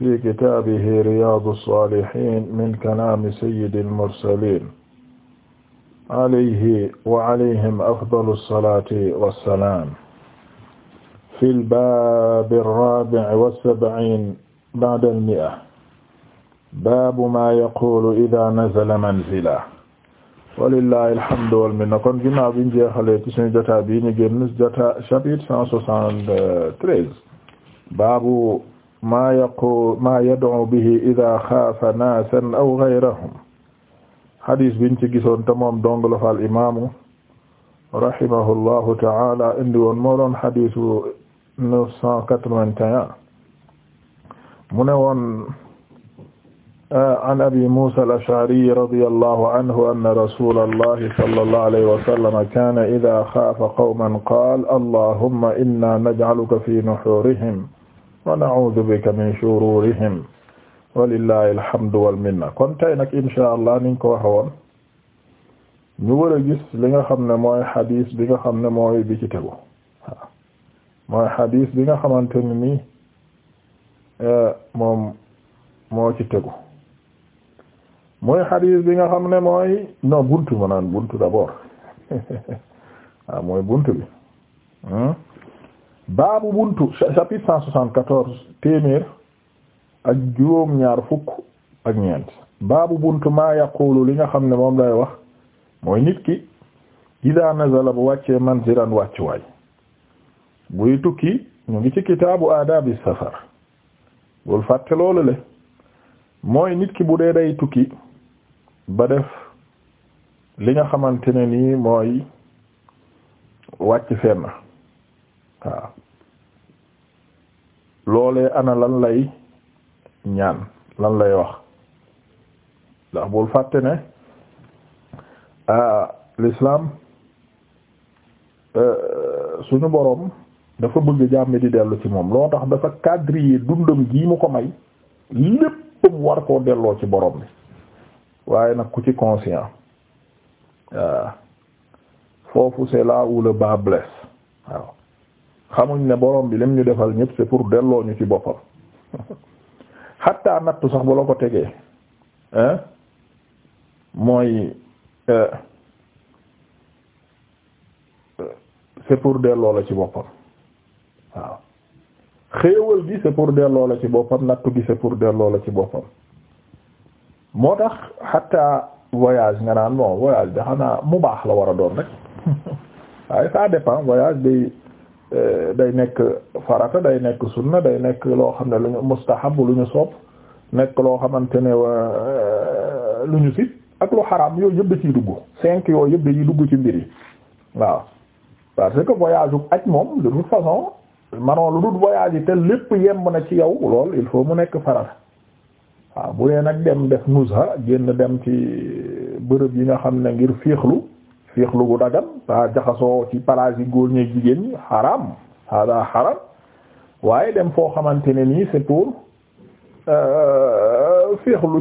fi kitaabihi riyaadu saalihiin min kalaami sayyidil mursaliin alayhi wa alayhim afdalu salaati wa salaam. fil baabi raabi'i wa sab'iin ba'dal mi'a. baabu maa yaquulu idaa nazala manzilahu. walillaahil hamdu wal minna kon ginnaaw bi ñu jeexalee ci suñu jotaay bii ñu génn jotaay chapitre 173. baabu. maa yaqu maa yad'u bihi idaa xaafa naasan aw gayrahum hadis biñ ci gisoon te moom dong la fa al imaamu rahimahullahu ta'ala indi woon moo doon hadisu 981 mu ne woon an abi muusa al-ash'ari radiyallahu anhu anna rasuulallahi sallallahu alayhi wa sallam kaana idaa xaafa qawman qaala allahumma innaa naj'aluka fii nuhuurihim wa na'uudu bika min shururihim walillahi alhamdu wal minna kon tey nag insha allah niñ ko waxe woon ñu gis li nga xam ne mooy xadiis bi nga xam ne mooy bi ci tegu mooy xadiis bi nga xamante ne eh, moo ci tegu mooy bi nga xam ne mooy non buntu ma naan buntu d'abord waaw ah, mooy buntu bi hmm? baabu buntu chapitre cent soixante-quatorze téeméer ak juróom ñaar fukk ak ñeent baabu buntu maa yaqulu li nga xam ne moom lay wax mooy nit ki idaa nazala bu wàccee manzilan waay buy tukki ñu ngi ci kitaabu aadaabi safar bul fàtte loolu le mooy nit ki bu dee day tukki ba def li nga xamante ne nii mooy wàcc fenn waaw loolee ana lan lay ñaan lan lay wax ndax bul fàtte ne lislaam euh, suñu boroom dafa bëgg jàmm di dellu ci moom loo tax dafa quadriller dundam gii mu ko may lépp mu war koo delloo ci boroom bi waaye nag ku ci conscient waaw euh, foofu c'est là où le bas waaw xamuñ ne borom bi lim ñu defal ñëpp c'est pour delloo ñu ci boppam xatta nattu sax bu la ko tegee hein mooy euh, euh, c'est pour delloo la ci boppam waaw xéewal gi c'est pour delloo la ci boppam nattu gi c'est pour delloo la ci boppam moo tax xatta voyage nga naan bon voyage bi xanaa mu baax la war a doon rek waaye ça dépend voyage bi Euh, day nekk farata day nekk sunna day nekk loo xam ne lu ñu mustahab lu ñu sopp nekk loo xamante ne euh, lu ñu si ak lu xaraam yooyu yëpp da ciy dugg cinq yooyu yëpp dañuy dugg ci mbir yi waaw parce que voyage ub aj moom de toute façon manoo lu dul voyage yi te lépp yemb na ci yow lool il faut mu nekk farata waaw bu dee nag dem def nusha génn dem ci bërëb yi nga xam ne ngir féexlu féexlu gu dagan daa jaxasoo ci palaas yi góor ñeeg jigéen ñi xaraam hada xaraam waaye dem foo xamante ne nii c'est pour euh,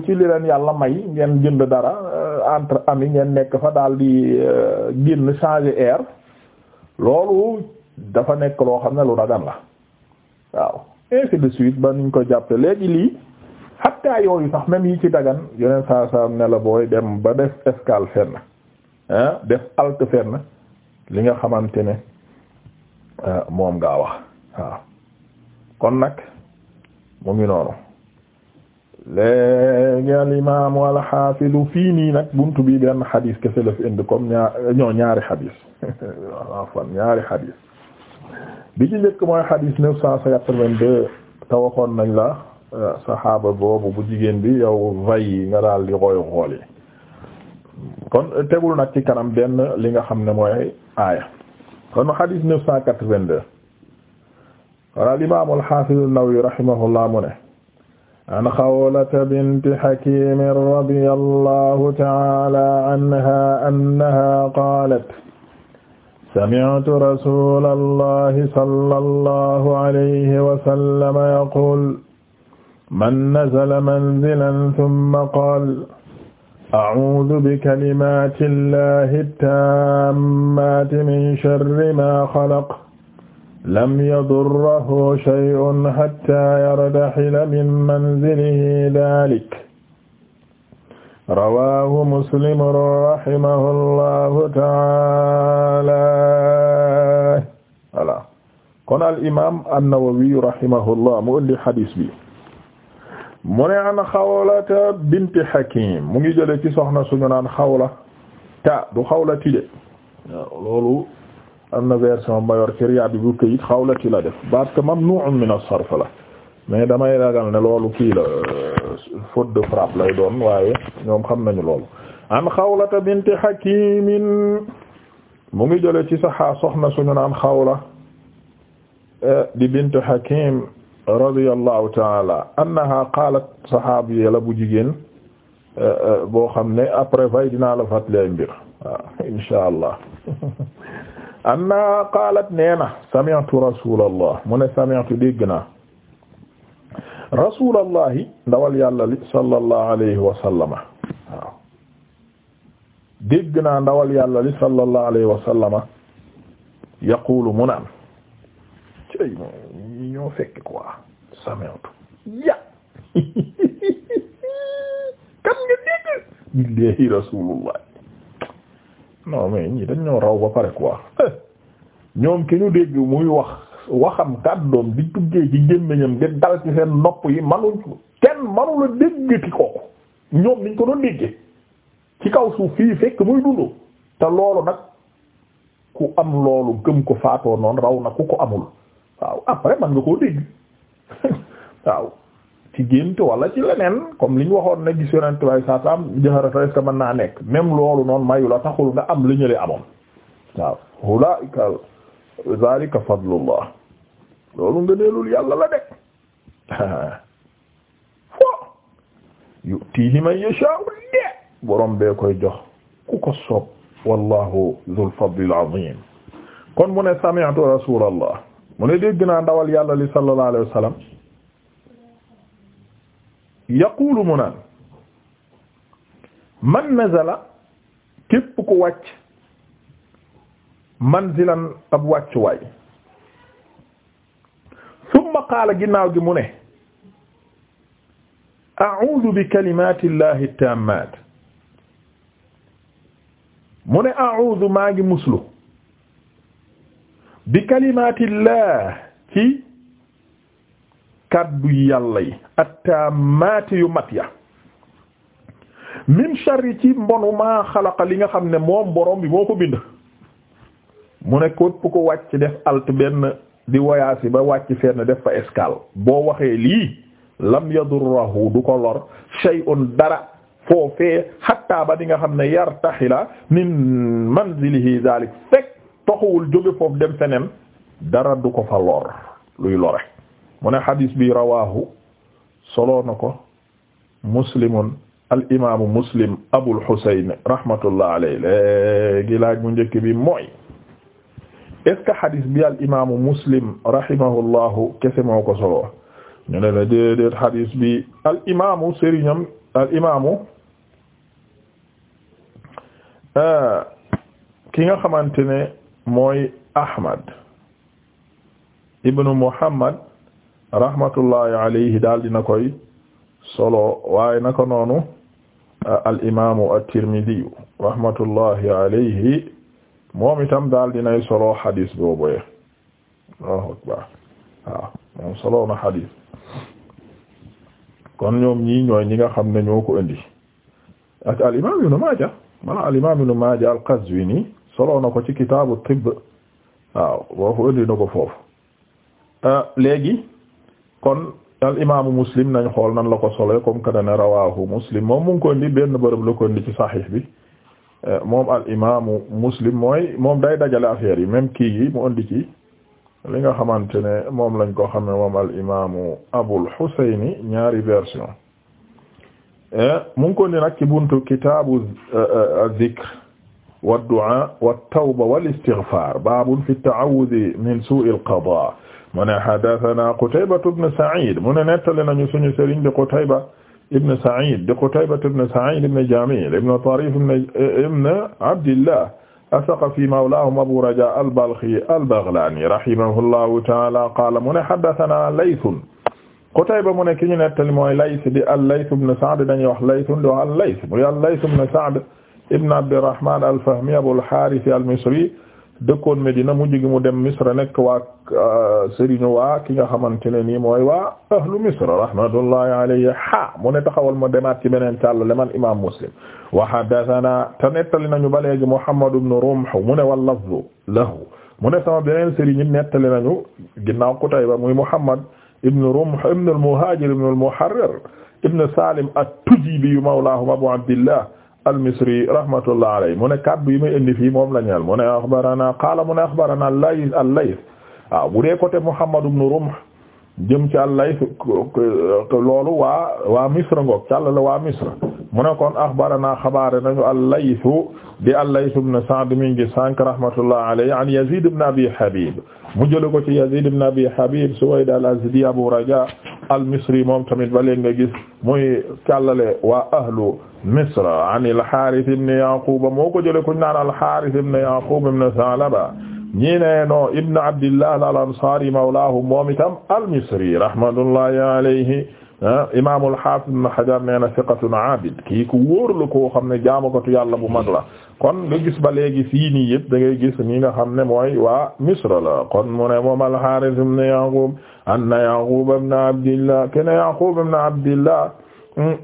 ci li leen yàlla may ngeen jënd dara euh, entre yi ngeen nekk fa daal di euh, génn changer air loolu dafa nekk loo xam ne lu dagan la waaw ainsi de suite ba nuñ ko jàppe léegi lii hatta yooyu sax même yi ci dagan yeneen saa saa ne la booy dem ba def escale fenn Ah, def alt fenn li nga xamante ne ah, moom ngaa wax waaw kon nag mu ngi noonu léegi al imaam al xaafidu fii nii nag bunt bi benn xadis kese la fi indi comme ñaar ñoo ñaari xadis waaw ñaari xadis bi ci njëkk mooy xadis neuf cent quatre-vingt-deux te nañ la ah, saxaaba boobu bu jigéen bi yow vay nga daal di xooy xool yi kon tegul nag ci kanam benn li nga xam ne mooy aaya kon hadith neuf cent quatre-vingt-deux kon al imaam al haafiz an-Nawawi rahimahullah mu ne an Xawlata binti Hakiim radiyallahu ta'ala anha annaha qaalat sami'tu rasuulallahi sallallahu alayhi wa sallam yaqul man nazala manzilan thumma qaala أعوذ بكلمات الله التامات من شر ما خلق لم يضره شيء حتى يرتحل من منزله ذلك رواه مسلم رحمه الله تعالى voilà kon al imaam an-Nawawi rahimahullah mu indi hadiis bi mu ne an xawlata binti Hakim mu ngi jële ci soxna suñu naan xawla ta du xawla tile waaw loolu am na version mayor ci bi bu këyit xawla ti la def parce que mamnu'un min as-sarf la mais damay ragal ne loolu kii la foot de frappe lay doon waaye ñoom xam nañu loolu an xawlata binti Hakim mu ngi jële ci saxaa soxna suñu naan xawla eh, di binti Hakim radiyallahu taala annaha qaalat saxaabiya la bu jigéen euh, euh, boo xam ne après fay dinaa la fàttali ay mbir waaw insha allah annaha qaalat nee na sami'tu rasulallah mu ne sami'tu dégg naa rasulallahi ndawal yàlla li sallallahu alayhi wa sallama waaw dégg naa ndawal yàlla li sallallahu alayhi wa sallama yaqulu mu naan ñoo fekk quoi samewtu ya kan nga dégg billahi rasulullah non mais ñi dañ ñoo raw ba pare quoi ñoom ki ñu dégg muy wax waxam kàddoom di tuggee ci gémmiñam di dal ci seen nopp yi manuñ kenn manula déggati kooku ñoom niñ ko doon déggee ci kaw suuf fii fekk muy dundu te loolu nag ku am loolu gëm ko faatoo noonu raw na ku ko amul waaw après man nga koo dégg waaw wala ci leneen comme li ñu waxoon na gis yonent way saa sa am jaxarata est-ce mën naa nekk même loolu noonu mayu la taxul nga am li ñu la amoon waaw ulaika zalika fadlullah loolu nga neelul yàlla la de fo yu'tihi man yasha'u de borom bee koy jox ku ko soob wallahu dhul fadlil azim kon mu ne sami'tu rasulallah mu ne dégg naa ndawal yàlla li sallallahu alayhi wa sallam yaqulu mu naan man nazala képp ku wàcc manzilan ab wàccuwaay summa qaala ginnaaw gi mu ne a'udhu bi kalimati llahi tammat mu ne a'udhu maa ngi muslu bi kalimaatillah ci kaddu yàlla yi attaamaati yu mat ya min sharri ci mbonu maa xalaqa li nga xam ne moom borom bi moo ko bind mu ne képp ko wàcc def alt benn di voyage ba wàcc fenn def fa escale boo waxee lii lam du ko lor shay'un dara foofee hatta nga xam ne yartaxila min manzilihi zalik fekk toxuwul jóge foofu dem feneen dara du ko fa lor luy lore mu ne bi rawaahu soloo na ko muslimun al imaamu muslim abul xuseyn rahmatullah alay léegi laaj mu njëkk bi mooy est-ce que bi al imaamu muslim rahimahullahu kese moo ko ne la déedéet xadiis bi al imaamu sëriñam al imaamu euh, ki nga xamante mooy Ahmad ibnu Muhammad rahmatullahi alayhi daal dina koy solo waaye naka noonu uh, al imaamu at-Tirmidhi rahmatullahi alayhi moom itam daal dinay solo xadis boobu Allahu akbar waaw moom solo na xadis kon ñoom ñii ñooy ñi nga xam ne ñoo ko al imaam Ibnu Maaja al-Qazwini solo na ko ci kitaabu tibb waaw foofu indi na ko foofu euh, léegi kon al imaamu muslim nañ xool nan la ko solo comme que ne rawaahu muslim moom mu ngi ko indi benn bërëb la ko indi ci saxiix bi euh, moom al imaamu muslim mooy moom day dajale affaire yi même kii yi mu indi ci li nga xamante ne moom lañ ko xamee moom al imaamu abul xuseyni ñaari version euh, mu ko indi nag ci buntu kitaabu zikr والدعاء والتوبة والاستغفار باب في التعوذ من سوء القضاء mu ne حدثنا قتيبة بن سعيد mu ne nettali nañu sunu sëriñ di قتيبة بن سعيد di قتيبة بن سعيد بن جميل بن طريف بن عبد الله الثقفي مولاهم أبو رجاء البلخي البغلاني رحمه الله تعالى قال mu ne حدثنا ليث Qutayba mu ne ki ñu nettali mooy Layth di al-Layth ibn Sa'd dañuy wax Layth di wax al-Layth muy al-Layth ibn Sa'd ibn Abdirahman al-Fahmi Abul Harith al-Misri dëkkoon Medina mu jigi mu dem Misra nekk waa euh, sëriñu waa ki nga xamante ne nii mooy waa ahlu Misra rahmatullahi alayhi ha mu ne taxawal ma demaat ci beneen càllale man imam Muslim wa haddathana te nettali nañu ba léegi Muhammad ibn Rumh mu ne wal lafzu lahu mu ne sama beneen sëriñ it nettali nañu ginnaaw Qutayba muy Muhammad mu Rumh ibn al-Muhajir ibn al-Muharrir ibn Salim at-Tujibi Abu Abdillah al-Misri rahmatullah alayhi mu ne kaddu yi may indi fii moom la ñeel mu ne axbarana qaala mu ne axbarana al-Layth al-Layth waaw bu dee côté Muhammad ibn Rumh jëm ci àllay loolu waa waa misra ngoog ci àll la waa misra mu ne kon axbarana xabaare nañu allaytu di allaytu ibn Sa'd mi ngi sànq rahmatullah alayhi an Yazid ibn Abi Habib mu jële ko ci Yazid ibn Abi Habib Suwayd al-Azdi Abu Raja al-Misri moom tamit ba léegi nga gis muy càllale waa ahlu Misra an al-Harith ibn Yaqub moo ko jële ko ñu naan al-Harith ibn Yaqub ibn Tha'laba ñii ne no ibn abdillah al ansari mawlaahu moom itam al misri rahmatullahi alayhi ah, imaam al haafid ibn hajar nee na xam ne jaamukatu yàlla bu mag la kon nga gis ba léegi fii nii yëpp da ngay gis ñi nga xam ne mooy waa misra la kon mu ne moom al haaris ibn yaqub anna yaqub ibn abdillah kana yaqub hmm,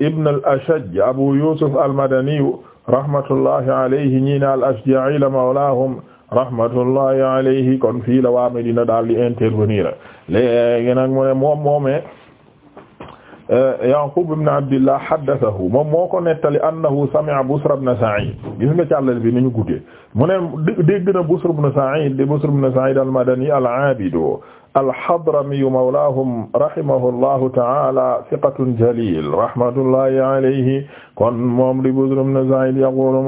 abu yusuf al madani rahmatullahi alayhi ñii ne al ashja'i rahmatullahi alayhi kon fii la waa Medina daal di intervenir léegi nag mu ne moom moomee eh, Yaqub ibn Abdillah haddathahu moom moo ko nettali annahu sami'a Busr ibn Sa'id gis nga càllal bi ni ñu guddee mu ne dégg na Busr ibn Sa'id di Busr ibn Sa'id al-Madani al-Abid al-Hadrami mawlahum rahimahullahu ta'ala thiqatun jalil rahmatullahi alayhi kon moom di Busr ibn Sa'id yaqulu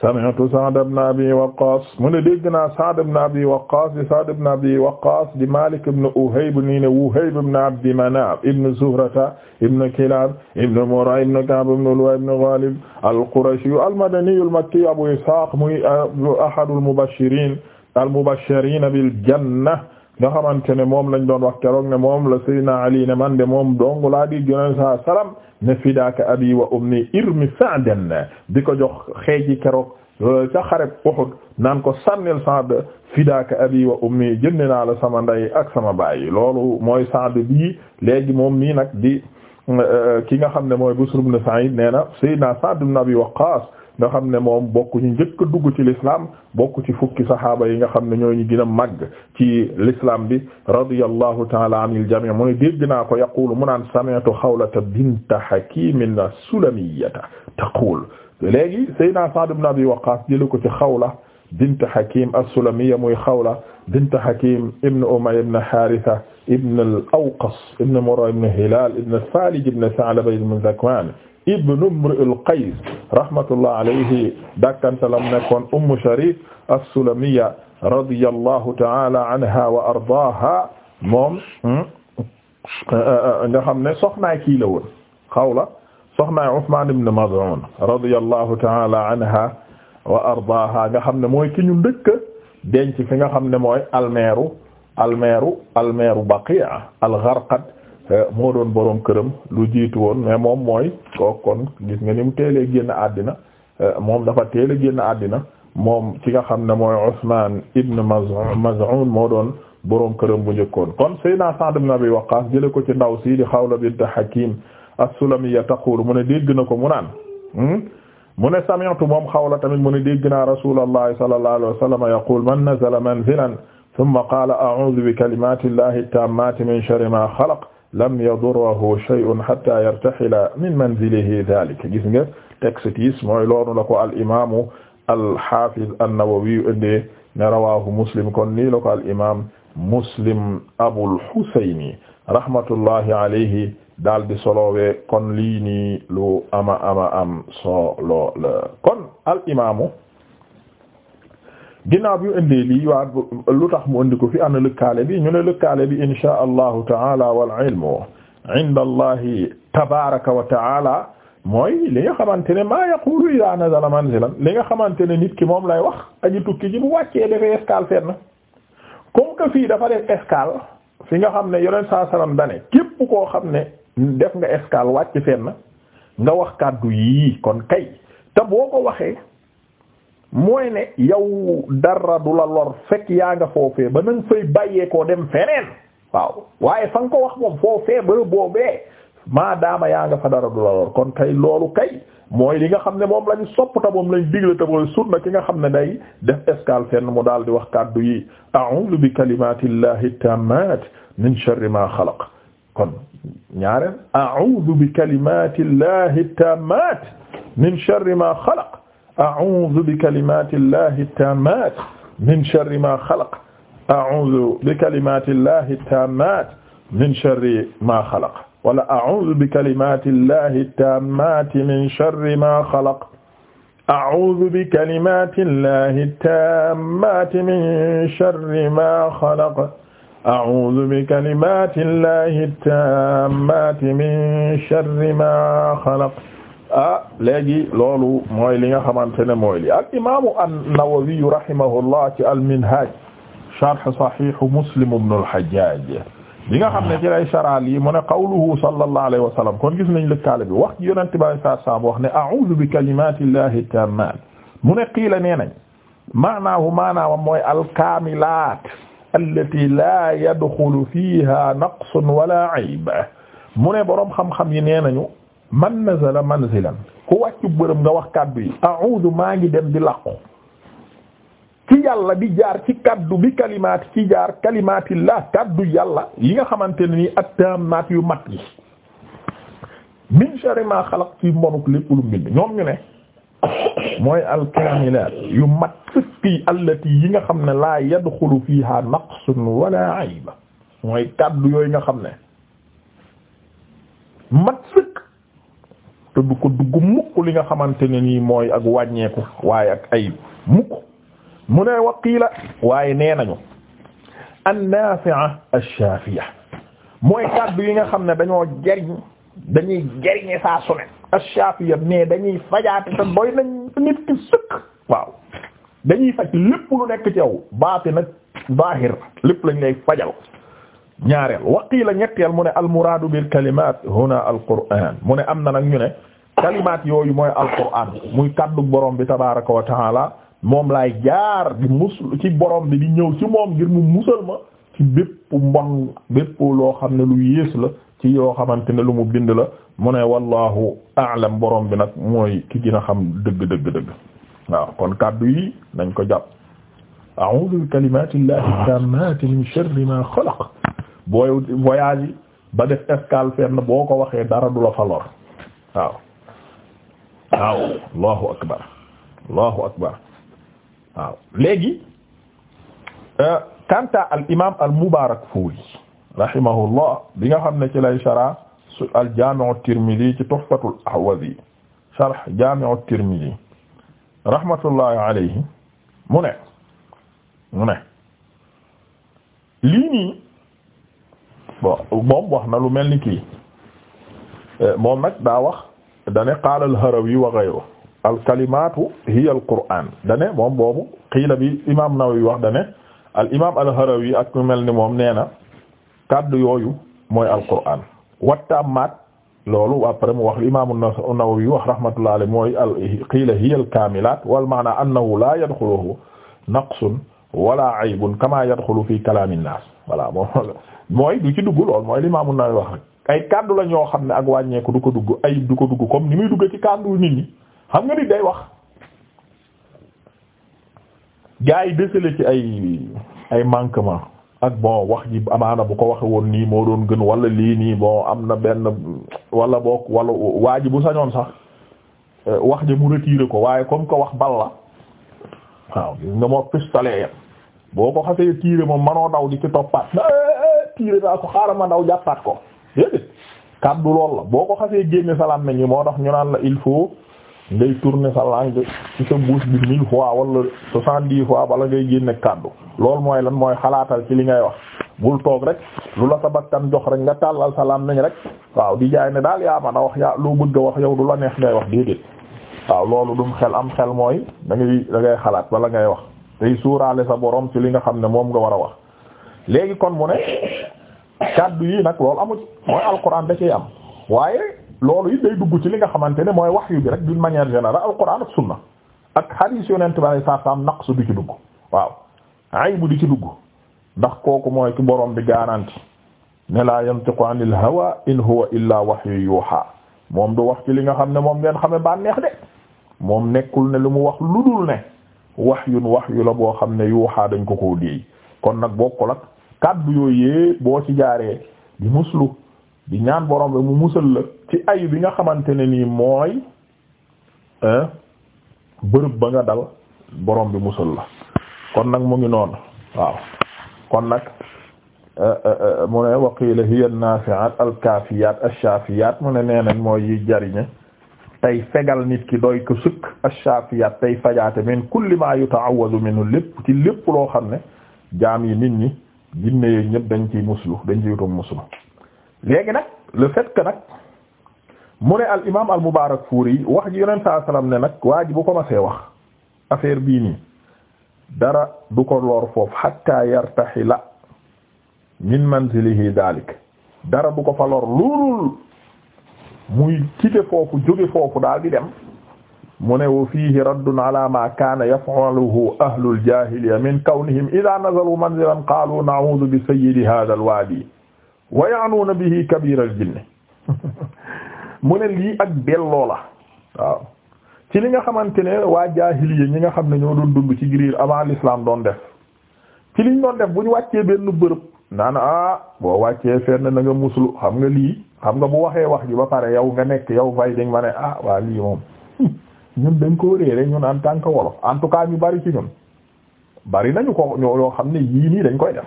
sami'tu Sa'd ibn Abi Waqqas mu ne dégg naa Sa'd ibn Abi Waqqas di Sa'd ibn Abi Waqqas di Malik ibn Uhayb nii ne Wuhayb ibn Abd Manaf ibn Zuhrata ibn Kilab ibn Murra ibn Ka'b ibn Lu'ay ibn Ghalib al-Qurashi al-Madani al-Makki Abu Ishaq muy ahad al-mubashirin al-mubashirin bil janna nga xamante ne moom lañ doon wax keroog ne moom la Sayyidina Ali ne man de moom dong laa di Yonent sallam ne fidaaka abi wa ummi irmi sa'dan di ko jox xeeji keroog euh, ca xareb Uhud naan ko sànnil Sa'd fidaaka abi wa ummi jënd naa la sama ndey ak sama baay loolu mooy Sa'd bii léegi moom nii nag di euh, euh, ki nga xam ne mooy Busr ibn Sa'id nee na Sayyidina Sa'd ibn Abi Waqqas nga xam ne moom bokk ñu njëkk a dugg ci l'islam bokk ci fukki sahaaba yi nga xam ne ñoo ñu gën a màgg ci l'islam bi radiyallahu ta'ala am jami' mu ne dégg naa ko yaqulu mu naan sami'tu xawlata bint hakimin sulamiyata taqul léegi sayna Sa'd ibn Abi Waqqas jële ko ci xawla bint hakim as-sulamiyya muy xawla bint hakim ibn Umayya ibn Haritha ibn al-Awqas ibn Murra ibn Hilal ibn Falij ibn Tha'laba ibn Zakwan ibn Imru'il Qays rahmatullah alayhi dakkantalam nekkoon Umm Sharif as-Sulamiyya radiyallahu ta'ala anha wa ardaaha moom hmm, nga xam ne soxnaay kii la woon xawla soxnaay Usmaan ibn Maz'un radiyallahu ta'ala anha wa ardaaha nga xam ne mooy ki ñu ndëkk denc fi nga xam ne mooy almeeru almeeru almeeru Baqi'a al-Gharqad Eh, moo doon borom këram lu jiitu woon mais moom mooy kooku kon gis nga ni mu teelee génn àddina eh, moom dafa teel a génn àddina moom ci nga xam ne mooy Usman ibn Maz'un moo doon borom këram bu njëkkoon kon Seydina Sa'd ibn Abi Waqqas jële ko ci ndaw si di Xawla bint Hakim as-Sulamiyya taqulu mu ne dégg na ko mu naan hmm? mu ne sami'tu moom Xawla tamit mu ne dégg naa Rasulullah sallallahu alayhi wa sallam yaqul man nazala manzilan thumma qala a'udhu bi kalimati llahi tammati min sharri ma khalaq lam yadurruhu shay'un hatta yartahila min manzilihi dhalik gis nga texte mooy loolu la ko al imaamu al haafiz an-Nawawi indee ne rawaahu muslim kon nii la ko al imaam muslim Abul Husayni rahmatullahi alayhi daal di solowee kon lii nii lu ama ama am solo la kon al imaamu ginnaaw bi mu lii waa lu tax mu indi ko fi ana lëkkaale bi ñu ne lëkkaale bi insha allahu taala wal ilmu inda allahi tabaraka wa taala mooy li nga xamante ne maa yaqulu ila nazala manzilan li nga xamante ne nit ki moom lay wax aji tukki ji bu wàccee dafay escale feet na fii dafa def escale fi nga xam ne yoneen saa salaam dane képp koo xam ne def nga escale wàcc feet na nga wax kàddu yii kon kay te boo ko waxee mooy ne yow dara du la lor fekk yaa nga foofee ba nanga fay bàyyeekoo dem feneen waaw waaye fa ko wax moom foofee ba boobe maadaama yaa nga fa dara du la lor kon kay loolu kay mooy li nga xam ne moom lañu sopp ta moom lañu digle ta mooy sunna ki nga xam ne day def escale fenn mu daal di wax kàddu yi a'udhu bi kalimatillahi tammat min sharri ma xalaq kon ñaareel a'udhu bi kalimatillahi tammat min sharri ma xalaq a'uuzu bi kalimaati llaahi taammaati min sharri maa xalaq a'uuzu bi kalimaati llaahi taammaati min sharri maa xalaq wala a'uuzu bi kalimaati llaahi taammaati min sharri maa xalaq a'uuzu bi kalimaati llaahi taammaati min sharri maa xalaq a'uuzu bi kalimaati llaahi taammaati min sharri maa xalaq ah léegi loolu mooy li nga xamante ne mooy li al imaamu an-Nawawi rahimahullah ci al-Minhaj sharh Sahih Muslim ibn al-Hajjaj li nga xam ne ci lay saraal yi mu ne qawluhu sallallahu alayhi wa sallam kon gis nañ lëkkaale bi wax yonente bi alai satu salaam wax ne a'udhu bi kalimatillahi tammat mu ne qiila nee nañ maanaahu maanaawa mooy alkaamilaat allati la yadxulu fiha naqsun wala ayb mu ne boroom xam-xam yi nee nañu man nazala manzilan ku wàccu bërëm nga wax kaddu yi a'udhu maa ngi dem di làqu ci yàlla di jaar ci kaddu bi kalimaat ci jaar kalimaatillah kaddu yàlla yi nga xamante ne nii at-taammaat yu mat yi min sharri maa xalaq ci mbonuk lépp lu mbind ñoom ñu ne mooy alkaamilaat yu mat sëkk yi allati yi nga xam ne laa yadxulu fiiha naqsun wala ayba mooy kaddu yooyu nga xam ne mat sëkk te du ko mukk li nga xamante ne nii mooy ak wàññeeku waaye ak ay mukk mu ne waqiila waaye nee nañu an-nafi'a ash-shafi'a mooy kàddu yi nga xam ne dañoo jariñ dañuy jariñe saa su ne ash-shafi'a dañuy fajaate te doy nañ nit ki sëkk waaw dañuy faj lépp lu nekk ci yow baati nag zahir lépp lañ lay fajal ñaareel waqiila ñetteel mu ne al muraadu bil kalimaat huna al qur'aan mu ne am na nag ñu ne kalimaat yooyu mooy alquran muy kaddu borom bi tabaraka wa taala moom laay jaar di mus ci borom bi di ñëw ci moom ngir mu musal ma ci bépp mbon bépp loo xam ne lu yées la ci yoo xamante ne lu mu bind la mu ne wallahu a'lam borom bi nag mooy ki gën xam dëgg dëgg dëgg waaw kon kàddu yi nañ ko jàpp a'udhu bi kalimati llahi min sharri ma booy voyage yi ba def escale fenn boo ko waxee dara du la fa lor waaw waaw allahu akbar allahu akbar waaw léegi kanta euh, al imam al Mubarakfuri rahimahullah bi nga xam ne ci lay shara al Jaami' at-Tirmidhi ci Tuhfatul Ahwazi sharh Jaami' at-Tirmidhi rahmatullahi alayhi mu ne mu ne lii nii bon moom wax na lu mel ni kii euh, moom nag daa wax dane qaala al-Harawi wa ghayruhu al-kalimaatu hiya al-Qur'aan dane moom boobu xiila bi imaam Nawawi wax dane al imaam al-Harawi ak mu mel ni moom nee na kàddu yooyu mooy al-Qur'aan wattaamaat loolu après mu wax imaam an-Nawawi wax rahmatullahi alayhi mooy al qiila hiya al-kaamilaat wal ma'naa annahu laa yadxuluhu naqsun wala aybun kamaa yadxulu fii kalaami nnaas voilà mooy du ci dugg lool mooy li imaam an-Nawawi wax rek ay kàddu la ñoo xam ne ak wàññeeku du ko dugg ay du ko dugg comme ni muy dugg ci kàddu nit ñi xam nga nit day wax gaa yi décelé ci ay ay manquement ak bon wax ji amaana bu ko waxee woon nii moo doon gën wala lii nii bon am na benn wala boog walla waa ji bu sañoon sax euh, wax ja mu tiire ko waaye comme ko wax bal la waaw gis nga moo pistolet boo ko xasee tiire moom manoo daw di ci toppaat tiire daa ko xaaral ma daw jàppaat ko déedéet kàddu lool la boo ko xasee génne sa làmmiñ yi moo tax ñu naan la il faut ngay tourner sa langue ci sa bouche bi mille fois wala soixante-dix fois bala ngay génne kàddu lool mooy lan mooy xalaatal ci li ngay wax bul toog rek lu la sa bakkan jox rek nga tàllal sa làmmiñ rek waaw di jaay ne daal yaa man na wax yaa loo bëgg a wax yow du la neex ngay wax déedéet waaw loolu du xel am xel mooy da da ngay xalaat bala ngay wax tey suuraale sa borom ci li nga xam ne moom nga war a wax léegi kon kaddu yii nag loolu amu ci mooy alquran da cee am waaye loolu it day dugg ci li nga xamante ne mooy wax yu bi rek d'une manière générale alquran ak sunna ak hadith yonent bi sallallahu alayhi wasallam naqsu du ci dugg waaw aybu di ci dugg ndax kooku mooy ki borom bi garanti ne la yantiqu anil hawa in huwa illa wahyu yuha moom du wax ci li nga xam ne moom ngeen xame bànneex de moom nekkul ne lu mu wax lu ludul ne wahyun wahyu la boo xam ne yuha dañ ko koo déey kon nag bokkul kàddu yooyu yëpp boo ci jaaree di muslu di ñaan borom bi mu musal la ci ayu bi nga xamante ne nii mooy bërëb ba nga dal borom bi musal la kon nag mu ngi noonu waaw kon nag euh, euh, euh, mu ne waqila hiya an-nafi'at al-kafiyat mu ne nee nañ mooy yi jariñe tey fegal nit ki doy ko sukk ash-shafiyat tey fajaate min kulli ma yuta'awwadu minhu lépp ci lépp loo xam ne jaam yi nit ñi ginne yooyu ñëpp dañ ciy muslu dañ ciy wutum muslu léegi nag le fait que nag mu ne al imaam al Mubaarakfuuri wax ji yonent saa salaam ne nag waa ji bu commencé wax affaire bii nii dara du ko lor foofu hatta yartaxila min manzilihi daalik dara du ko fa lor loolul muy quitté foofu jóge foofu daal di dem. mu ne wa fiihi raddun ala ma kaana yaf'aluhu ahlul jaahiliyya min kawnihim idhaa nazalu manzilan qaaluu na'uudhu bi sayyidi haadhal waadi wa bihi kabiiral jinni mu ne lii ak delloo la ci li nga xamante ne waa jaahiliyya ñi nga xam ne ñoo doon dund ci giriir avant l'islam doon def ci liñ doon def bu ñu wàccee benn bërëb naan ah boo wàccee fenn na nga muslu xam nga lii xam nga bu waxee wax ji ba pare yow nga nekk yow fay dañ ma ne ah waa lii moom ñun dañ koo réere ñun en tant que wolof en tout cas ñu bari ci ñun bari nañu ko ñoo yoo xam ne yii nii dañ koy def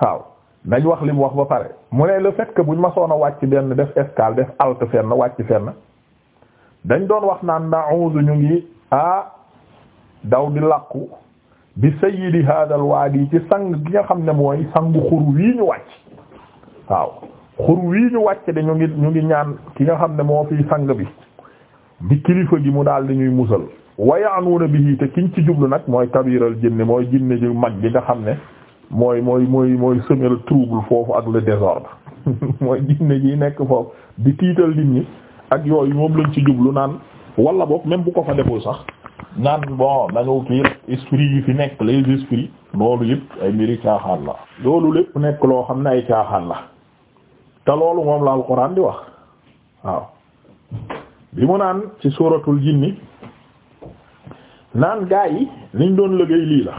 waaw nañ wax li wax ba pare mu ne le fait que buñ masoon a wàcc benn def escale def halte fenn wàcc fenn dañ doon wax naan na'uzu ñu ngi ah daw di làqu bi di hada waa wadi ci sang gi nga xam ne mooy sangu xur wii ñu wàcc waaw xur wii ñu wàcc de ñu ngi ñu ngi ñaan ki nga xam ne moo fi sang bi bi kilifa gi mu daal di ñuy musal wayaanuuna bihi te kiñ ci jublu nag mooy kabiral jinne mooy jinne ji mag gi nga xam ne mooy mooy mooy mooy trouble foofu ak le désordre mooy jinne ji nekk foofu di tiital nit ñi ak yooyu moom lañ ci jublu naan wala boog même bu ko fa deful sax naan bon nañu kii esprit yi fi nekk les esprits loolu yëpp ay mbiri caaxaan la loolu lépp nekk loo xam ne ay caaxaan la te loolu moom la alxuraan di wax waaw bi mu naan ci suuratul jinni naan gaa yi liñ doon liggéey lii la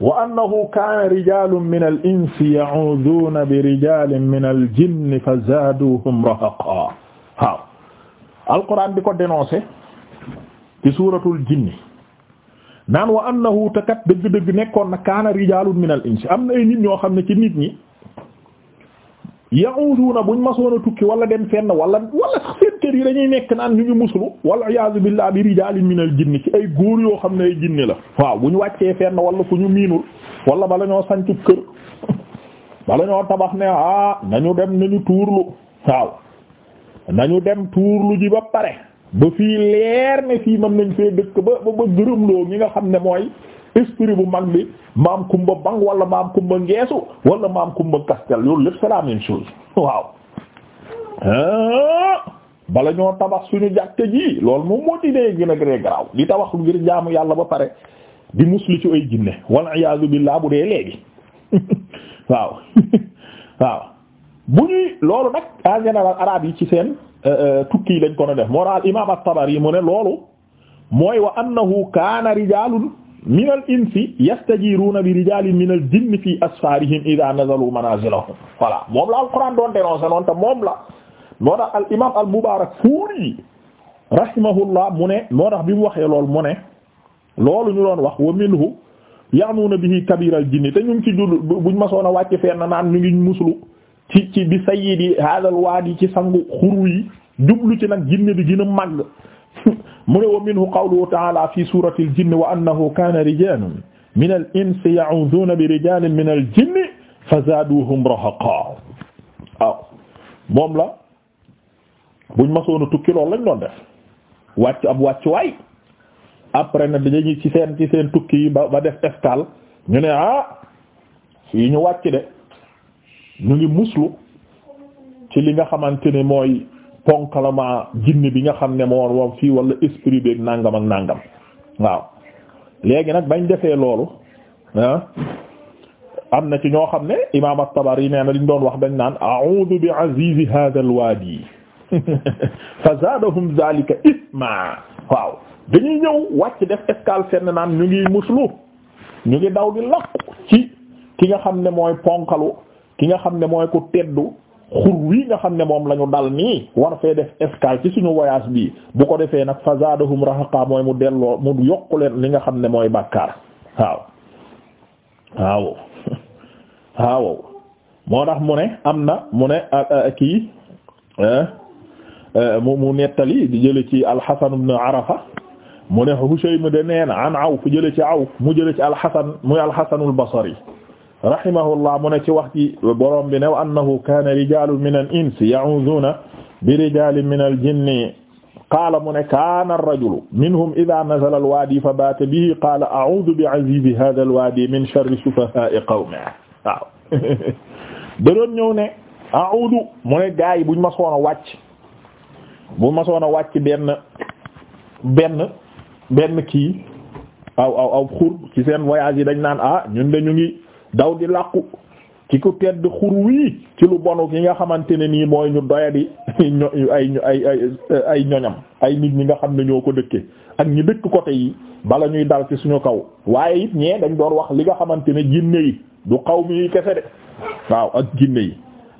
wa annahu kaana rijalun min al insi ya'uduna bi rijalin min al fa zaaduhum rahaqa waaw alquran di ko dénoncé ci suuratul jinni naan wa annahu takat dëgg-dëgg nekkoon na kaana rijalun min al am na ay nit ñoo xam ne ci nit ñi ya'uduna buñ masoon a tukki wala dem fenn wala wala sax kër yi dañuy nekk naan ñu ngi musulu wala iyaazu billaah bi rijaalin minal jinni ci ay góor yoo xam ne ay jinni la waaw bu ñu wàccee fenn wala ku ñu miinul wala bala ñoo sancu kër bala ñoo tabax ne ah nañu dem nañu tuurlu waaw nañu dem tuurlu ji ba pare ba fii leer ne fii mën nañ fee dëkk ba ba gërëmloo ñi nga xam ne mooy esprit bu mag bi maam kumba bang wala maam kumba ngeesu wala maam kumba kastel loolu lépp c'est la chose waaw ah! bala ñoo tabax suñu jàkka ji loolu moom moo ci dee gën a gën di tabax lu ngir jaamu yàlla ba pare di muslu ci ay jinne wal iyaazu billaah bu dee léegi waaw waaw bu ñuy loolu nag en général arabe yi ci seen euh, euh, tukki yi lañ kon a def moo daal imaam at-Tabari mu ne loolu mooy wa annahu kaana rijaalun min al insi yastajiruuna bi rijalin min al jinni fi asfarihim idha nazalu manazilahum voilà moom la alquran doon dénoncé noonu te moom la moo tax al imaam al mubaarak fuuri rahimahullah mu ne moo tax bi mu waxee lool mu ne loolu ñu doon wax wa minhu ya'nuuna bihi kabiral jinni te ñu ngi ci jull buñ masoon a wàcc fenn naan ñu ngi muslu ci ci bi sayyidi hadal waadi ci sangu xuru yi ci nag jinne bi gën a màgg mu ne wa minhu qawluhu ta'ala fi surati al jinni wa annahu kaana rijalun min al insi ya'uduna bi rijalin min al jinni fa zaaduhum rahaqa la buñ masoon a tukki loolu lañ doon def wàcc ab wàccuwaay après na dañuy ci seen ci seen tukki yi ba ba def escale ñu ne ah fii ñu wàcc de ñu ngi muslu ci li nga xamante ne mooy ponkalama jinne bi nga xam ne moo woon fii wala esprit beeg nàngam ak nàngam waaw léegi nag bañ defee loolu ah am na ci ñoo xam ne imaam at yi nee na liñ doon wax dañ naan a'udhu bi azizi hadha al-wadi fa zaadahum zalika isma waaw dañuy ñëw wàcc def escale fenn naan ñu ngi muslu ñu ngi daw di lakk ci ki nga xam ne mooy ponkalu ki nga xam ne mooy ku teddu xur wi nga xam ne moom lañu ñu dal nii war fee def escale ci suñu voyage bi bu ko defee nag fa zaadahum mooy mu delloo mu yokk leen li nga xam ne mooy bàkkaar waaw waaw waaw moo tax mu ne am na mu ne kii eh? Euh, mu mu nettali di jële ci alxasan ibn arafa mu ne Hushaym de neen an Awf jële ci Awf mu jële ci alxasan muy alxasanul basri rahimahullah mu ne ci wax ci borom bi ne wa annahu kaana rijalun min al insi ya'uduna bi rijalin min al jinni qaala mu ne kaana ar-rajulu minhum idha nazala al-waadi fa baata bihi qaala a'udhu bi 'azizi hadha al-waadi min sharri sufahaa'i qawmihi waaw da doon ñëw ne a'udhu mu ne gaa yi buñ ma soona wàcc bu masoon a wàcc benn benn benn kii aw aw aw xur ci seen voyage yi dañ naan ah ñun de ñu ngi daw di làqu ki ku tedd xur wii ci lu bonu ki nga xamante ne nii mooy ñu doyadi ño ay ay ay ay ñoñam ay nit ñi nga xam ne ñoo ko dëkke ak ñi dëkk côté yi bala ñuy dal ci suñu kaw waaye it ñee dañ doon wax li nga xamante ne jinne yi du xaw mi kese de waaw ak jinne yi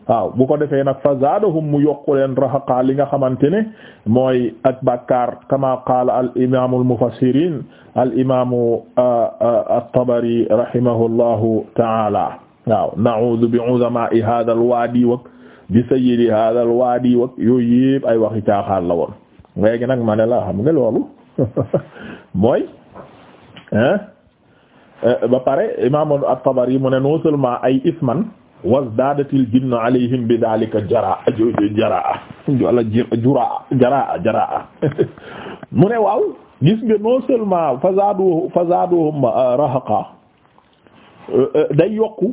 waaw bu ko defee nag fa zaadahum mu yokku leen rahaqa li nga xamante ne mooy ak bàkkaar kama qaala al imaamu al mufassirin al imaamu at-Tabari rahimahullahu taala waaw na'uudu bi uzamaa'i haadha al waadi wa bi sayyidi haadha al waadi wa yooyu yëpp ay waxi caaxaan la woon léegi nag ma ne la xam nga loolu mooy eh, ba pare imaamu at-Tabari mu ne non seulement ay isman wasdaadatil jinn alayhim bi daalika jaraa jaraa wala juraa jaraa jaraa mu ne waaw gis nga non seulement fazaadu fazaaduhum uh, rahaqa uh, uh, day yokku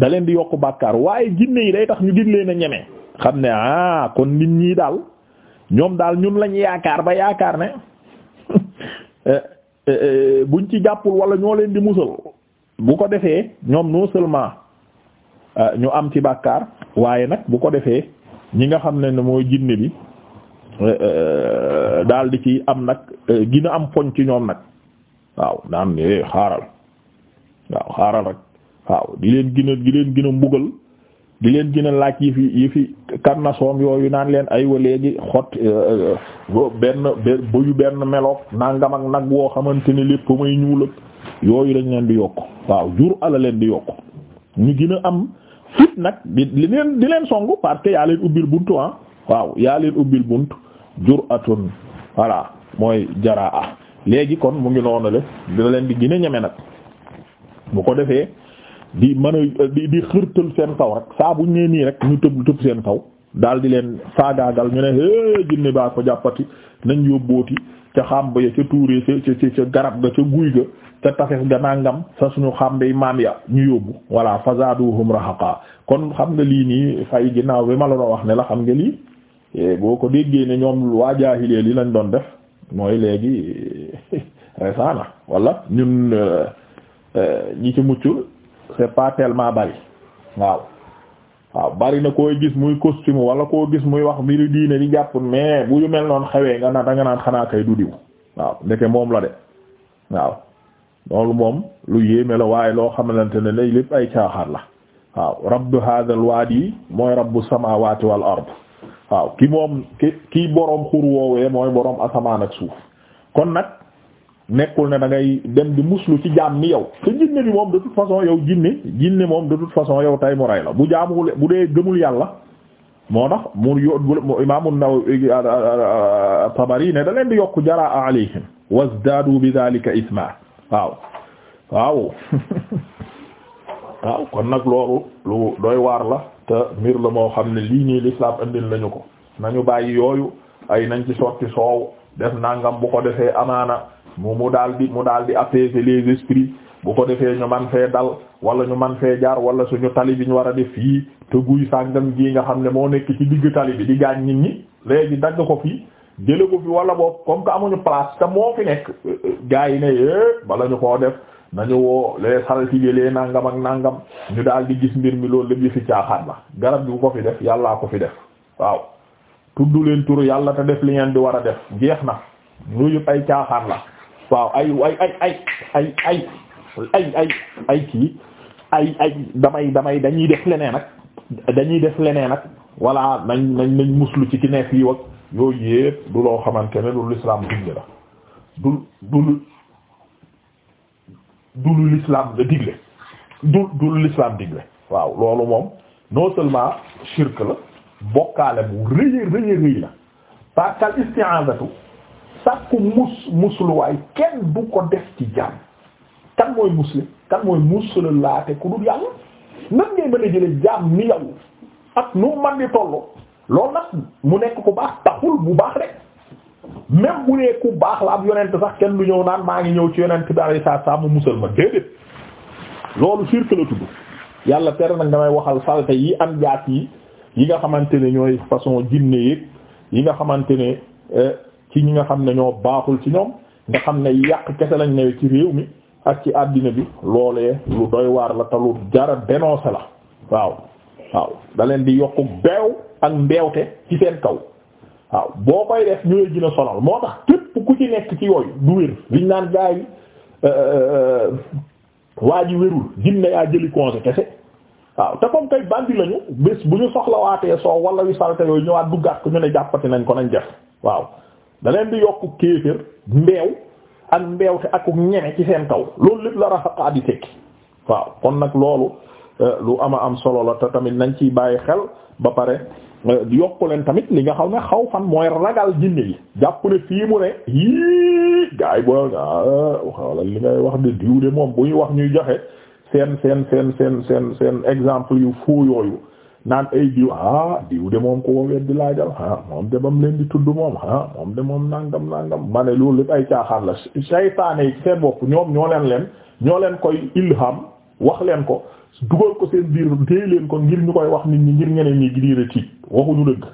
da leen di yokku bàkkaar waaye jinne yi day tax ñu gin leen a ñeme xam ne ah kon nit ñii daal ñoom daal ñun lañ yaakaar ba yaakaar ne eh, eh, eh, buñ ci jàppul wala ñoo leen di musal bu ko defee ñoom non seulement Euh, ñu am ci bàkkaar waaye nag bu ko defee ñi nga xam ne ne mooy jinne bi euh, euh, daldi di ci am nag gina am poñ ci ñoom nag waaw naan ni eh, xaaral waaw xaaral rek waaw di leen gina di leen gina mbugal di leen gën a laaj yi fi yi fi karnasoom yooyu naan leen ay aywa léegi xot benn bëyu benn meloog nangam ak nag woo xamante ni lépp may ñuul yooyu dañ leen di yokk waaw jur ala leen di yokk ñu gën am fit nag di leen di leen songu parce que yaa leen ubbil buntu ah waaw yaa leen ubbil buntu jur'atun voilà mooy jaraa léegi kon mu ngi noonale dina leen di gën a ñeme nag bu ko defee di mën a di di xërtal seen faw rek saabu buñ nee nii rek ñu tëb tëb seen kaw daal di leen faagaagal ñu ne hé jinne baa ko jàppati nañ yóbbooti ca xàmb ya ca tuure ca ca garab ga ca guy ga ca tafes ga nangam sa suñu xàmbe maam ya ñu yóbbu voilà fazaduhum rahaqa kon xam nga lii nii fay ginnaaw bi ma la doon wax ne la xam nga lii eh, boo ko déggee ne ñoom waa jaahilee li lañ doon def mooy léegi resaana wala ñun eh, eh, ñi ci mucc c'est pas tellement bari waaw waaw bari na koy gis muy costume wala koo gis muy wax mbiri diine di jàpp mais bu yu mel noonu xewee nga na da naan xanaa kay du diw waaw ndeke moom la de waaw loolu moom lu yéeme la waaye loo xamalante ne lay lépp ay caaxaar la waaw rabbu hadal waadi mooy rabbu samawati wal ard waaw ki moom ki kii boroom xur woowee mooy boroom asamaan ak suuf kon nag nekkul ne da ngay dem di muslu ci jaam ni yow te jinne bi moom de toute façon yow jinne jinne moom de toute façon yow tay rey la bu jaamuwul bu dee gëmul yàlla moo tax mu yóbbu Imaam An-Nawawi Tabari ne da leen di yokk jaraa alayhim wazdaadu bi dhalika isma waaw waaw waaw kon nag loolu lu doy waar la te mbir la moo xam ne lii nii l'islam indil lañu ko nañu bàyyi yooyu ay nañ ci sotti soow def nangam bu ko defee amaana mu mu daal di mu daal di apaiser les esprits bu ko defee ñu man fee dal wala ñu man fee jaar wala suñu tali bi ñu war a def fii te guy sàngam gii nga xam ne moo nekk ci digg tali bi di gaañ nit ñi léegi dagg ko fii jële ko fi wala boog comme que amuñu place te moo fi nekk gars yi ne é eh, bala ñu ko def nañu woo les saltige les nangam ak nangam ñu daal di gis mbir mi loolu lépp yi fi caaxaan la garab gi ko fi def yàllaa ko fi def waaw tudd leen turu yàlla te def li ngeen di war a def jeex na loolu ay caaxaan la waaw ay ay ay ay ay ay ay ay ay kii damay damay dañuy def leneen ak dañuy def leneen ak walla nañ nañ nañ muslu ci ki yi fii wag yooyu yëpp loo xamante ne du lislaam digle la du du lislaam lu l'islam digle du du l'islam digle waaw loolu moom non seulement shirk la bokkaale bu rëy rëy rëy la parce que sàkku mus musluwaay kenn du ko def ci jàmm kan mooy muslim kan mooy muslu laate ku dul yàlla nan ngay mën a jële jàmm ni yow ak nu man di tollu loolu nag mu nekk ku baax taxul bu baax rek même bu dee ku baax la ab yonent sax kenn du ñëw naan maa ngi ñëw ci yonent bi alayhi salaam mu musal ma déedéet loolu shirk la tudd yàlla tere nag damay waxal salte yi am jaas yi yi nga xamante ne ñooy façon jinne yi yi nga xamante ne eh, ci ñi nga xam ne ñoo baaxul ci ñoom nga xam ne yàq kese lañ newe ci réew mi ak ci àddina bi loolee lu doy waar la te jara dénoncé la waaw waaw daleen di yokku beew ak mbeewte ci seen kaw waaw boo koy def ñu lay gën sonal moo tax képp ku ci nekk ci yooyu du wér liñ naan gaa yi euh, euh, euh, waa ji wérul ginne yaa jëli congé kese waaw te comme kay bandi lañu bés bu ñu soxlawaatee soow wala wi salte yooyu ñëwaat duggaat ko ñu ne jàppati nañ ko nañ def waaw da di yokk kéefër mbeew ak mbeew te akuk ñeme ci seen kaw loolu lépp la rafaqa di tekki waaw kon nag loolu euh, lu ama am solo la te tamit nañ ciy bàyyi xel ba pare euh, yokku leen tamit li nga xaw ne xaw fan mooy ragal jinne yi jàpp ne fii mu ne yii gars yi boo ah, xawla li ngay wax de diw de moom bu ñuy wax ñuy joxe seen seen seen seen seen seen exemple yu foo yooyu naan ay diw ah diw de moom ko wet di laajal ah moom de bam leen di tudd moom ah moom de moom nàngam nangam ma ne loolu lépp ay caaxaan la saytaane yi seen bopp ñoom ñoo leen leen ñoo leen koy ilham wax leen ko dugal ko seen biir dee leen ko ngir ñu koy wax nit ñi ngir ñeneen ñi di tiit waxuñu dëgg.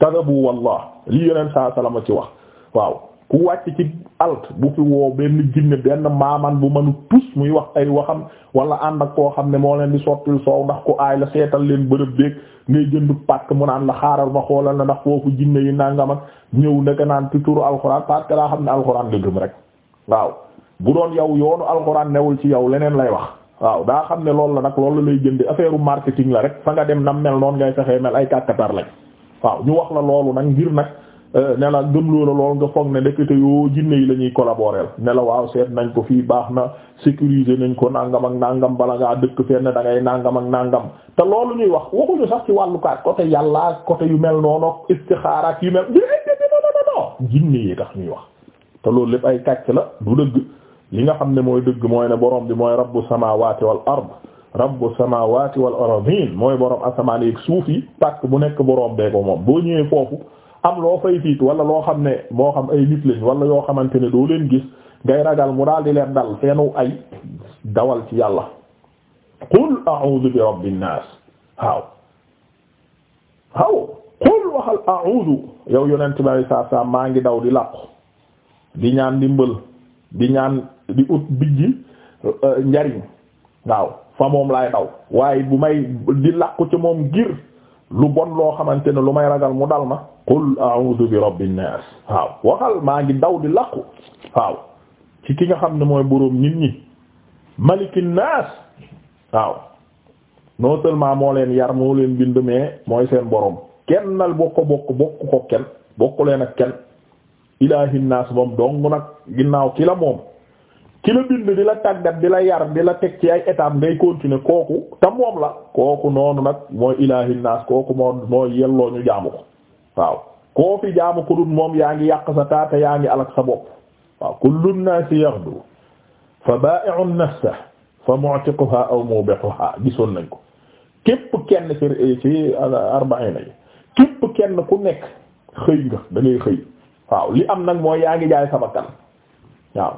tagabu wallah lii yeneen saa salama ci wax waaw. ku wàcc ci alt bu fi woo benn jinne benn maaman bu mënu tus muy wax ay waxam wala ànd ak koo xam ne moo leen di sottil soow ndax ko aay la seetal leen bërëb beeg ngay jënd pàkk mu naan la xaaral ma xoolal na ndax foofu jinne yi nangam mag ñëw ndeke naan ci turu alxuraan parce que laa xam ne alxuraan nga gëm rek waaw bu doon yow yoonu alxuraan newul ci yow leneen lay wax waaw daa xam ne loolu la nag loolu lay jënd affaire marketing la rek fa nga dem nam mel noonu ngay fexee mel ay kàkkatar lañ waaw ñu wax la loolu nag ngir nag Euh, ne la gëmloo la lool nga foog ne ndekete yoo jinne yi la ñuy collaborer ne la waaw seet nañ ko fii baax na sécuriser nañ ko nangam ak nàngam bala ngaa dëkk fenn da ngay nangam ak nangam te loolu ñuy wax waxuñu sax ci wàllu kaat côté yàlla côté yu mel noonu istixaara ak yu mel non jinne yi tax ñuy wax te loolu lépp ay kàcc la du dëgg li nga xam ne mooy dëgg mooy ne borom bi mooy rabbu samawati wal ard rabbu samawati wal aradin mooy borom asamaan yi suuf yi pàcc bu nekk borom bee moom boo ñëwee foofu am loo fay tiit wala loo xam ne moo xam ay nit lañ wala yoo xamante ne doo leen gis ngay ragal mu daal di leen dal feenu ay dawal ci yàlla qul a'udhu bi rabbin nas waaw waaw qul waxal a'udhu yow yonent bi saa saa maa ngi daw di làqu di ñaan dimbal di ñaan di ut bijji euh, njariñ waaw fa moom laay daw waaye bu may di làqu ci moom ngir lu bon loo xamante ne lu may ragal mu dal ma qul a'udhu bi rabbin nas waaw waxal maa ngi daw di laqu waaw ci ki nga xam ne mooy boroom nit ñi malikin nas waaw non seulement moo leen yar moo leen bind mais mooy seen boroom kennal bokk bokk bokk ko kenn bokku leen ak ken ilahin nas moom dong nag ginnaaw ki la moom ki la bind di la tàggat di la yar di la teg ci ay étape ngay continuer kooku te moom la kooku noonu nag mooy ilahin nas kooku moo moo yelloo ñu jaamu ko waaw koo fi jaamu ku dul moom yaa ngi yàq sa taata yaa ngi alak sa bopp waaw kullu nnaasi yaghdu fa baa'i'un nafsahu fa mu'tiquha aw mubihuha gisoon nañ ko képp kenn ci ci yi képp kenn ku nekk xëy nga da ngay xëy waaw li am nag mooy yaa ngi jaay sa bakkan waaw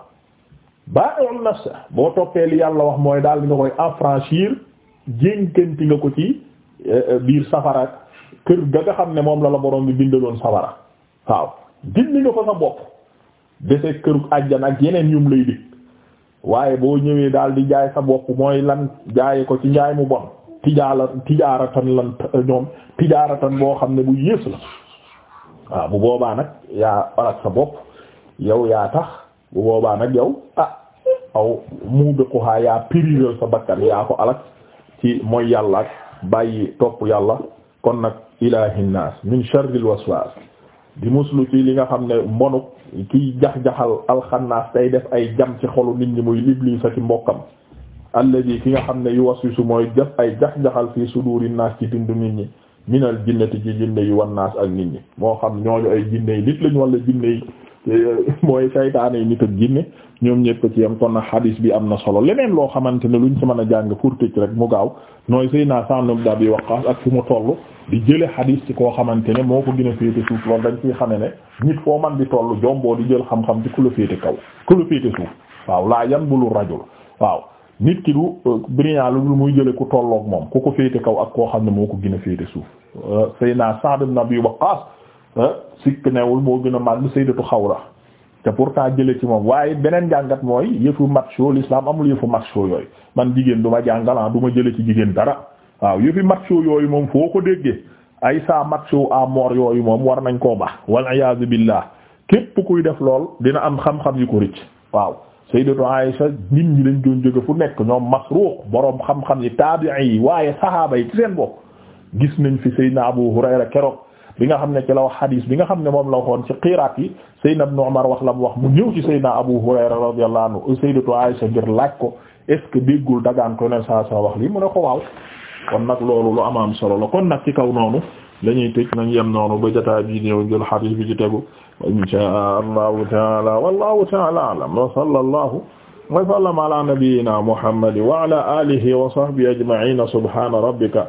baa'i'un nafsahu boo toppee li yàlla wax mooy daal di nga koy affranchir jénkanti nga ko ci eh, eh, biir safara kër ga nga xam ne moom la la boroom bi bindaloon sawara waaw dindi nga ko sa bopp dese këru àjjana ak yeneen yum lay dig waaye boo ñëwee daal di jaay sa bopp mooy lan jaaye ko ci njaay mu bon tijaala tijaaratan lan ñoom tijaaratan boo xam ne bu yées la waaw bu boobaa nag yaa alak sa bopp yow yaa tax bu boobaa nag yow ah aw mu biquhaa yaa périral sa bakkan yaa ko alak ci mooy yàlla ak bàyyi topp yàlla kon nag ilaahin naas min sharril waswaas di muslu ci li nga xam ne mbonuk kiy jax-jaxal alxannaas tay def ay jam ci xolu nit ñi muy liblii sa ci mbokkam alladi ki nga xam ne yu waswisu mooy def ay jax-jaxal fii suduri naas ci bindu nit ñi minal jinnati ci jinne yi wan naas ak nit ñi moo xam ñooñu ay jinne yi nit lañ wala jinne yi Euh, mooy saytaane nit ak jinne ñoom ñëpp ci yam kon nag hadis bi am na solo leneen loo xamante ne luñ ci mën a jàng pour tëj rek mu gaaw nooy sëy naa sànnu daa bi waqaas ak fu mu toll di jële hadis ci koo xamante ne moo ko gën a féete suuf loolu dañ ciy xame ne nit foo man di toll jomboo di jël xam-xam ci ku la féete kaw ku la féete suuf waaw laa yan bulu rajul waaw nit ki du euh, brillant lu muy jële ku tolloog moom ku ko féete kaw ak koo xam ne moo ko gën a féete suuf sëy naa Sa'd ibn Abi Waqqas sikk newul moo gën a màgg xaw la te pour pourtant jële ci moom waaye beneen jàngat mooy yëfu macho l'islam amul yëfu macho yooyu man jigéen du ma jàngalan ah, du ma jële ci jigéen dara waaw yëfi macho yooyu moom foo ko déggee ay saa macho à mort yooyu moom war nañ koo baax wal iyaazu billah képp kuy def lool dina am xam-xam yu ko rëcc waaw sayyidatu Aisha nit ñi lañ doon jóge fu nekk ñoom Masruq boroom xam-xam yi taabi'i yi waaye sahaaba yi ci seen gis nañ fi sayyidina Abu Hurayra keroog bi nga xam ne ci la wax bi nga xam ne moom la waxoon ci xiraat yi Seydina Ibn Umar wax la mu wax mu ñëw ci Seydina Abu Hurayra radiyallahu anhu Sayyidatu Aisha ngir laaj ko est déggul dagaan ko ne saa saa wax lii mu ne ko waaw kon nag loolu lu amaam solo la kon nag ci kaw noonu la ñuy tëj nañ yem noonu ba jotaay bi ñëw jël xadiis bi ci tegu inshaa Allahu ta'ala wallahu ta'ala a'lam wa sallallahu wa sallama ala nabiyyina Muhammad wa ala alihi wa sahbihi ajma'in subhana rabbika